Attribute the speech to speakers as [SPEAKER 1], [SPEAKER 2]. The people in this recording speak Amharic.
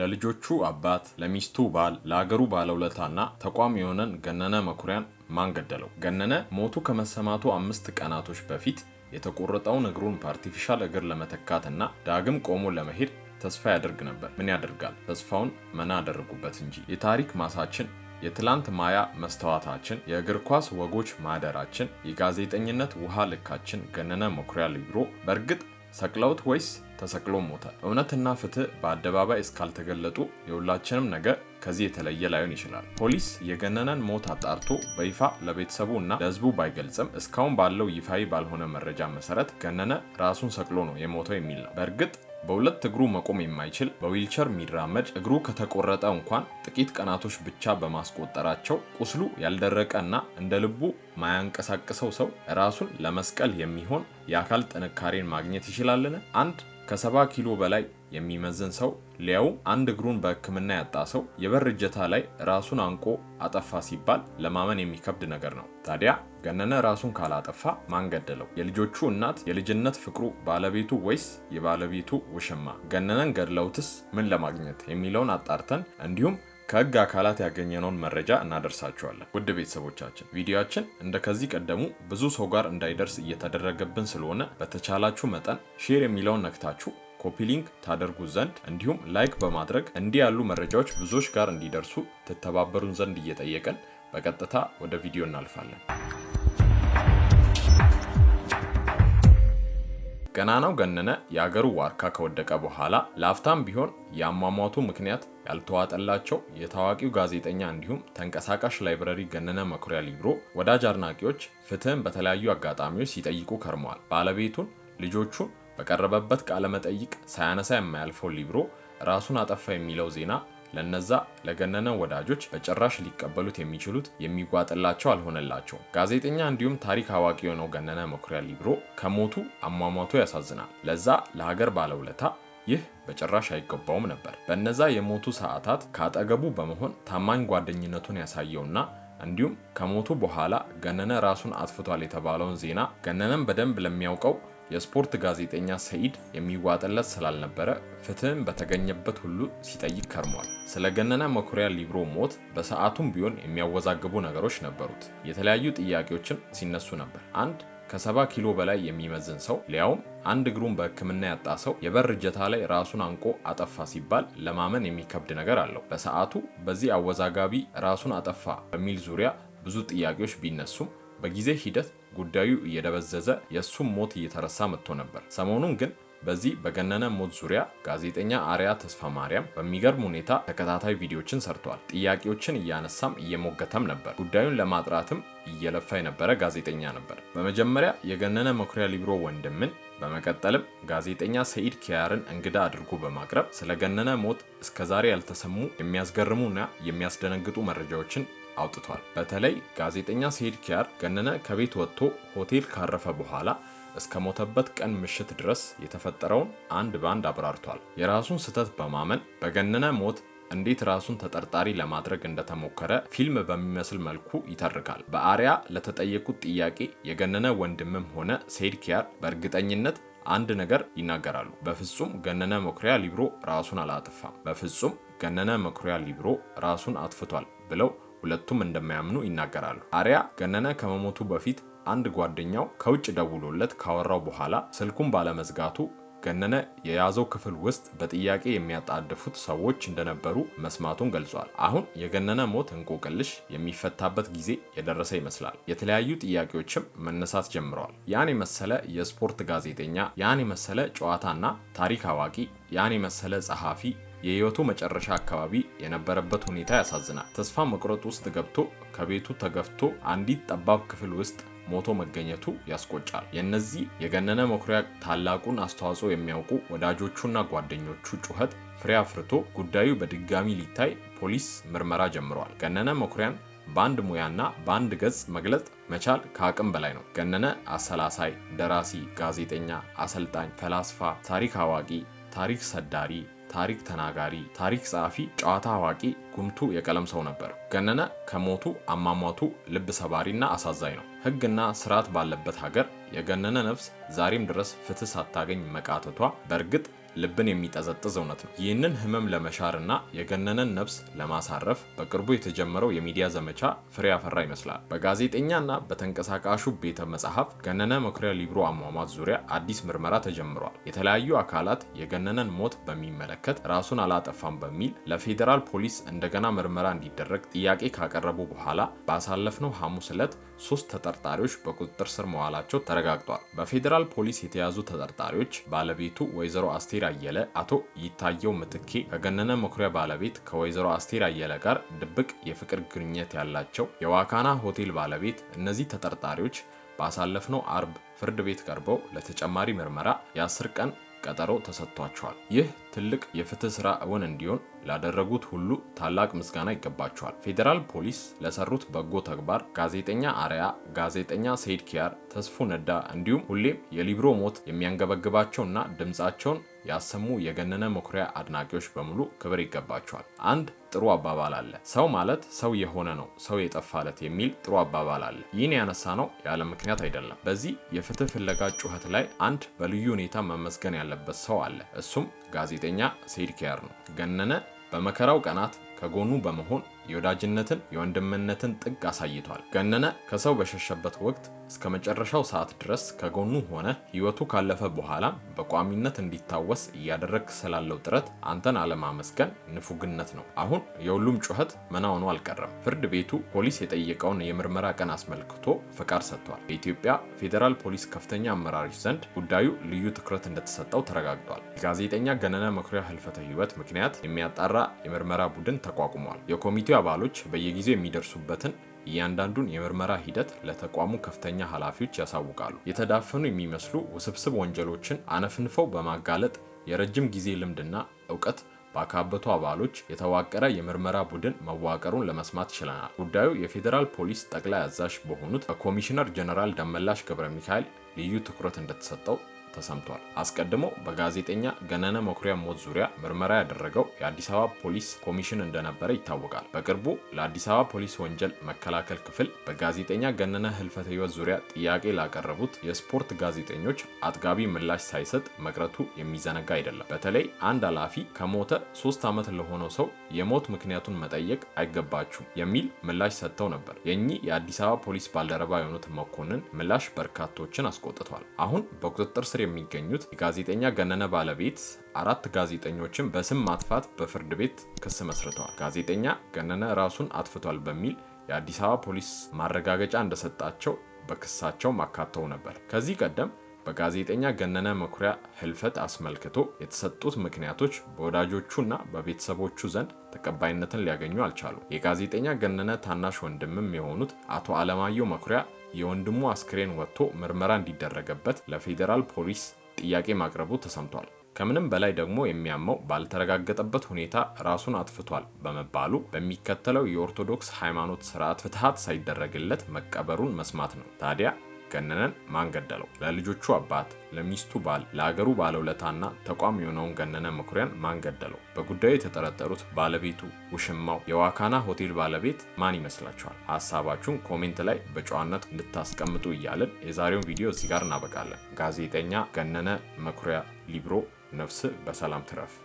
[SPEAKER 1] ለልጆቹ አባት፣ ለሚስቱ ባል፣ ለአገሩ ባለውለታና ተቋም የሆነን ገነነ መኩሪያን ማን ገደለው? ገነነ ሞቱ ከመሰማቱ አምስት ቀናቶች በፊት የተቆረጠውን እግሩን በአርቲፊሻል እግር ለመተካት እና ዳግም ቆሞ ለመሄድ ተስፋ ያደርግ ነበር። ምን ያደርጋል፣ ተስፋውን መና አደረጉበት እንጂ። የታሪክ ማሳችን የትላንት ማያ መስተዋታችን፣ የእግር ኳስ ወጎች ማህደራችን፣ የጋዜጠኝነት ውሃ ልካችን ገነነ መኩሪያ ልዩሮ በእርግጥ ሰቅለውት ወይስ ተሰቅሎ ሞተ። እውነትና ፍትህ በአደባባይ እስካልተገለጡ የሁላችንም ነገር ከዚህ የተለየ ላይሆን ይችላል። ፖሊስ የገነነን ሞት አጣርቶ በይፋ ለቤተሰቡ እና ለሕዝቡ ባይገልጽም እስካሁን ባለው ይፋዊ ባልሆነ መረጃ መሰረት ገነነ ራሱን ሰቅሎ ነው የሞተው የሚል ነው። በእርግጥ በሁለት እግሩ መቆም የማይችል በዊልቸር የሚራመድ እግሩ ከተቆረጠ እንኳን ጥቂት ቀናቶች ብቻ በማስቆጠራቸው ቁስሉ ያልደረቀ እና እንደ ልቡ ማያንቀሳቅሰው ሰው ራሱን ለመስቀል የሚሆን የአካል ጥንካሬን ማግኘት ይችላልን? አንድ ከሰባ ኪሎ በላይ የሚመዝን ሰው ሊያውም አንድ እግሩን በሕክምና ያጣ ሰው የበር እጀታ ላይ ራሱን አንቆ አጠፋ ሲባል ለማመን የሚከብድ ነገር ነው። ታዲያ ገነነ ራሱን ካላጠፋ ማን ገደለው? የልጆቹ እናት፣ የልጅነት ፍቅሩ ባለቤቱ ወይስ የባለቤቱ ውሽማ? ገነነን ገድለውትስ ምን ለማግኘት የሚለውን አጣርተን እንዲሁም ከህግ አካላት ያገኘነውን መረጃ እናደርሳችኋለን። ውድ ቤተሰቦቻችን ቪዲዮችን እንደ ከዚህ ቀደሙ ብዙ ሰው ጋር እንዳይደርስ እየተደረገብን ስለሆነ በተቻላችሁ መጠን ሼር የሚለውን ነክታችሁ ኮፒ ሊንክ ታደርጉ ዘንድ እንዲሁም ላይክ በማድረግ እንዲህ ያሉ መረጃዎች ብዙዎች ጋር እንዲደርሱ ትተባበሩን ዘንድ እየጠየቀን በቀጥታ ወደ ቪዲዮ እናልፋለን። ገናናው ገነነ የአገሩ ዋርካ ከወደቀ በኋላ ላፍታም ቢሆን የአሟሟቱ ምክንያት ያልተዋጠላቸው የታዋቂው ጋዜጠኛ እንዲሁም ተንቀሳቃሽ ላይብረሪ ገነነ መኩሪያ ሊብሮ ወዳጅ አድናቂዎች ፍትህን በተለያዩ አጋጣሚዎች ሲጠይቁ ከርመዋል። ባለቤቱን፣ ልጆቹን በቀረበበት ቃለመጠይቅ ሳያነሳ የማያልፈው ሊብሮ ራሱን አጠፋ የሚለው ዜና ለነዛ ለገነነ ወዳጆች በጭራሽ ሊቀበሉት የሚችሉት የሚጓጥላቸው አልሆነላቸውም። ጋዜጠኛ እንዲሁም ታሪክ አዋቂ የሆነው ገነነ መኩሪያ ሊብሮ ከሞቱ አሟሟቱ ያሳዝናል። ለዛ ለሀገር ባለውለታ ይህ በጭራሽ አይገባውም ነበር። በነዛ የሞቱ ሰዓታት ከአጠገቡ በመሆን ታማኝ ጓደኝነቱን ያሳየውና እንዲሁም ከሞቱ በኋላ ገነነ ራሱን አጥፍቷል የተባለውን ዜና ገነነም በደንብ ለሚያውቀው የስፖርት ጋዜጠኛ ሰይድ የሚዋጥለት ስላልነበረ ፍትህም በተገኘበት ሁሉ ሲጠይቅ ከርሟል። ስለ ገነነ መኩሪያ ሊብሮ ሞት በሰዓቱም ቢሆን የሚያወዛግቡ ነገሮች ነበሩት። የተለያዩ ጥያቄዎችም ሲነሱ ነበር። አንድ ከሰባ ኪሎ በላይ የሚመዝን ሰው ሊያውም አንድ እግሩን በሕክምና ያጣ ሰው የበር እጀታ ላይ ራሱን አንቆ አጠፋ ሲባል ለማመን የሚከብድ ነገር አለው። በሰዓቱ በዚህ አወዛጋቢ ራሱን አጠፋ በሚል ዙሪያ ብዙ ጥያቄዎች ቢነሱም በጊዜ ሂደት ጉዳዩ እየደበዘዘ የእሱም ሞት እየተረሳ መጥቶ ነበር። ሰሞኑን ግን በዚህ በገነነ ሞት ዙሪያ ጋዜጠኛ አርያ ተስፋ ማርያም በሚገርም ሁኔታ ተከታታይ ቪዲዮችን ሰርተዋል። ጥያቄዎችን እያነሳም እየሞገተም ነበር። ጉዳዩን ለማጥራትም እየለፋ የነበረ ጋዜጠኛ ነበር። በመጀመሪያ የገነነ መኩሪያ ሊብሮ ወንድምን በመቀጠልም ጋዜጠኛ ሰኢድ ኪያርን እንግዳ አድርጎ በማቅረብ ስለ ገነነ ሞት እስከዛሬ ያልተሰሙ የሚያስገርሙና የሚያስደነግጡ መረጃዎችን አውጥቷል። በተለይ ጋዜጠኛ ሰኢድ ኪያር ገነነ ከቤት ወጥቶ ሆቴል ካረፈ በኋላ እስከ ሞተበት ቀን ምሽት ድረስ የተፈጠረውን አንድ በአንድ አብራርቷል። የራሱን ስህተት በማመን በገነነ ሞት እንዴት ራሱን ተጠርጣሪ ለማድረግ እንደተሞከረ ፊልም በሚመስል መልኩ ይተርካል። በአሪያ ለተጠየቁት ጥያቄ የገነነ ወንድምም ሆነ ሴድ ኪያር በእርግጠኝነት አንድ ነገር ይናገራሉ። በፍጹም ገነነ መኩሪያ ሊብሮ ራሱን አላጠፋም፣ በፍጹም ገነነ መኩሪያ ሊብሮ ራሱን አጥፍቷል ብለው ሁለቱም እንደማያምኑ ይናገራሉ። አሪያ ገነነ ከመሞቱ በፊት አንድ ጓደኛው ከውጭ ደውሎለት ካወራው በኋላ ስልኩን ባለመዝጋቱ ገነነ የያዘው ክፍል ውስጥ በጥያቄ የሚያጣድፉት ሰዎች እንደነበሩ መስማቱን ገልጿል። አሁን የገነነ ሞት እንቆቅልሽ የሚፈታበት ጊዜ የደረሰ ይመስላል። የተለያዩ ጥያቄዎችም መነሳት ጀምረዋል። ያን የመሰለ የስፖርት ጋዜጠኛ፣ ያን የመሰለ ጨዋታና ታሪክ አዋቂ፣ ያን የመሰለ ጸሐፊ የህይወቱ መጨረሻ አካባቢ የነበረበት ሁኔታ ያሳዝናል። ተስፋ መቁረጥ ውስጥ ገብቶ ከቤቱ ተገፍቶ አንዲት ጠባብ ክፍል ውስጥ ሞቶ መገኘቱ ያስቆጫል። የእነዚህ የገነነ መኩሪያ ታላቁን አስተዋጽኦ የሚያውቁ ወዳጆቹና ጓደኞቹ ጩኸት ፍሬ አፍርቶ ጉዳዩ በድጋሚ ሊታይ ፖሊስ ምርመራ ጀምረዋል። ገነነ መኩሪያን በአንድ ሙያና በአንድ ገጽ መግለጽ መቻል ከአቅም በላይ ነው። ገነነ አሰላሳይ፣ ደራሲ፣ ጋዜጠኛ፣ አሰልጣኝ፣ ፈላስፋ፣ ታሪክ አዋቂ፣ ታሪክ ሰዳሪ ታሪክ ተናጋሪ፣ ታሪክ ጸሐፊ፣ ጨዋታ አዋቂ፣ ጉምቱ የቀለም ሰው ነበር። ገነነ ከሞቱ አሟሟቱ ልብ ሰባሪና አሳዛኝ ነው። ሕግና ስርዓት ባለበት ሀገር የገነነ ነፍስ ዛሬም ድረስ ፍትህ ሳታገኝ መቃተቷ በእርግጥ ልብን የሚጠዘጥዝ እውነት ነው። ይህንን ህመም ለመሻርና የገነነን ነፍስ ለማሳረፍ በቅርቡ የተጀመረው የሚዲያ ዘመቻ ፍሬ ያፈራ ይመስላል። በጋዜጠኛና በተንቀሳቃሹ ቤተ መጽሐፍ ገነነ መኩሪያ ሊብሮ አሟሟት ዙሪያ አዲስ ምርመራ ተጀምሯል። የተለያዩ አካላት የገነነን ሞት በሚመለከት ራሱን አላጠፋም በሚል ለፌዴራል ፖሊስ እንደገና ምርመራ እንዲደረግ ጥያቄ ካቀረቡ በኋላ ባሳለፍነው ሐሙስ ዕለት ሶስት ተጠርጣሪዎች በቁጥጥር ስር መዋላቸው ተረጋግጧል። በፌዴራል ፖሊስ የተያዙ ተጠርጣሪዎች ባለቤቱ ወይዘሮ አስቴር አየለ፣ አቶ ይታየው ምትኬ ከገነነ መኩሪያ ባለቤት ከወይዘሮ አስቴር አየለ ጋር ድብቅ የፍቅር ግንኙነት ያላቸው የዋካና ሆቴል ባለቤት። እነዚህ ተጠርጣሪዎች ባሳለፍነው አርብ ፍርድ ቤት ቀርበው ለተጨማሪ ምርመራ የ10 ቀን ቀጠሮ ተሰጥቷቸዋል። ይህ ትልቅ የፍትህ ስራ እውን እንዲሆን ላደረጉት ሁሉ ታላቅ ምስጋና ይገባቸዋል። ፌዴራል ፖሊስ ለሰሩት በጎ ተግባር ጋዜጠኛ አርያ፣ ጋዜጠኛ ሰይድ ኪያር፣ ተስፉ ነዳ እንዲሁም ሁሌም የሊብሮ ሞት የሚያንገበግባቸውና ድምፃቸውን ያሰሙ የገነነ መኩሪያ አድናቂዎች በሙሉ ክብር ይገባቸዋል። አንድ ጥሩ አባባል አለ። ሰው ማለት ሰው የሆነ ነው ሰው የጠፋለት የሚል ጥሩ አባባል አለ። ይህን ያነሳ ነው ያለ ምክንያት አይደለም። በዚህ የፍትህ ፍለጋ ጩኸት ላይ አንድ በልዩ ሁኔታ መመስገን ያለበት ሰው አለ። እሱም ጋዜጠኛ ሰይድ ኪያር ነው። ገነነ በመከራው ቀናት ከጎኑ በመሆን የወዳጅነትን የወንድምነትን ጥግ አሳይቷል። ገነነ ከሰው በሸሸበት ወቅት እስከ መጨረሻው ሰዓት ድረስ ከጎኑ ሆነ ህይወቱ ካለፈ በኋላ በቋሚነት እንዲታወስ እያደረግ ስላለው ጥረት አንተን አለማመስገን ንፉግነት ነው። አሁን የሁሉም ጩኸት መና አልቀረም። ፍርድ ቤቱ ፖሊስ የጠየቀውን የምርመራ ቀን አስመልክቶ ፈቃድ ሰጥቷል። በኢትዮጵያ ፌዴራል ፖሊስ ከፍተኛ አመራሮች ዘንድ ጉዳዩ ልዩ ትኩረት እንደተሰጠው ተረጋግጧል። የጋዜጠኛ ገነነ መኩሪያ ህልፈተ ህይወት ምክንያት የሚያጣራ የምርመራ ቡድን ተቋቁሟል። የኮሚቴው አባሎች በየጊዜው የሚደርሱበትን እያንዳንዱን የምርመራ ሂደት ለተቋሙ ከፍተኛ ኃላፊዎች ያሳውቃሉ። የተዳፈኑ የሚመስሉ ውስብስብ ወንጀሎችን አነፍንፈው በማጋለጥ የረጅም ጊዜ ልምድና እውቀት ባካበቱ አባሎች የተዋቀረ የምርመራ ቡድን መዋቀሩን ለመስማት ችለናል። ጉዳዩ የፌዴራል ፖሊስ ጠቅላይ አዛዥ በሆኑት በኮሚሽነር ጀነራል ደመላሽ ገብረ ሚካኤል ልዩ ትኩረት እንደተሰጠው ተሰምቷል። አስቀድሞ በጋዜጠኛ ገነነ መኩሪያ ሞት ዙሪያ ምርመራ ያደረገው የአዲስ አበባ ፖሊስ ኮሚሽን እንደነበረ ይታወቃል። በቅርቡ ለአዲስ አበባ ፖሊስ ወንጀል መከላከል ክፍል በጋዜጠኛ ገነነ ህልፈተ ህይወት ዙሪያ ጥያቄ ላቀረቡት የስፖርት ጋዜጠኞች አጥጋቢ ምላሽ ሳይሰጥ መቅረቱ የሚዘነጋ አይደለም። በተለይ አንድ ኃላፊ ከሞተ ሶስት ዓመት ለሆነው ሰው የሞት ምክንያቱን መጠየቅ አይገባችሁም የሚል ምላሽ ሰጥተው ነበር። የእኚህ የአዲስ አበባ ፖሊስ ባልደረባ የሆኑት መኮንን ምላሽ በርካቶችን አስቆጥቷል። አሁን በቁጥጥር ስር የሚገኙት የጋዜጠኛ ገነነ ባለቤት አራት ጋዜጠኞችን በስም ማጥፋት በፍርድ ቤት ክስ መስርተዋል። ጋዜጠኛ ገነነ ራሱን አጥፍቷል በሚል የአዲስ አበባ ፖሊስ ማረጋገጫ እንደሰጣቸው በክሳቸውም አካተው ነበር። ከዚህ ቀደም በጋዜጠኛ ገነነ መኩሪያ ህልፈት አስመልክቶ የተሰጡት ምክንያቶች በወዳጆቹና በቤተሰቦቹ ዘንድ ተቀባይነትን ሊያገኙ አልቻሉ። የጋዜጠኛ ገነነ ታናሽ ወንድምም የሆኑት አቶ አለማየሁ መኩሪያ የወንድሙ አስክሬን ወጥቶ ምርመራ እንዲደረገበት ለፌዴራል ፖሊስ ጥያቄ ማቅረቡ ተሰምቷል። ከምንም በላይ ደግሞ የሚያመው ባልተረጋገጠበት ሁኔታ ራሱን አጥፍቷል በመባሉ በሚከተለው የኦርቶዶክስ ሃይማኖት ስርዓት ፍትሐት ሳይደረግለት መቀበሩን መስማት ነው። ታዲያ ገነነን ማን ገደለው? ለልጆቹ አባት፣ ለሚስቱ ባል፣ ለአገሩ ባለውለታና ተቋም የሆነውን ገነነ መኩሪያን ማን ገደለው? በጉዳዩ የተጠረጠሩት ባለቤቱ፣ ውሽማው፣ የዋካና ሆቴል ባለቤት ማን ይመስላችኋል? ሀሳባችሁን ኮሜንት ላይ በጨዋነት እንድታስቀምጡ እያልን የዛሬውን ቪዲዮ እዚህ ጋር እናበቃለን። ጋዜጠኛ ገነነ መኩሪያ ሊብሮ ነፍስ በሰላም ትረፍ።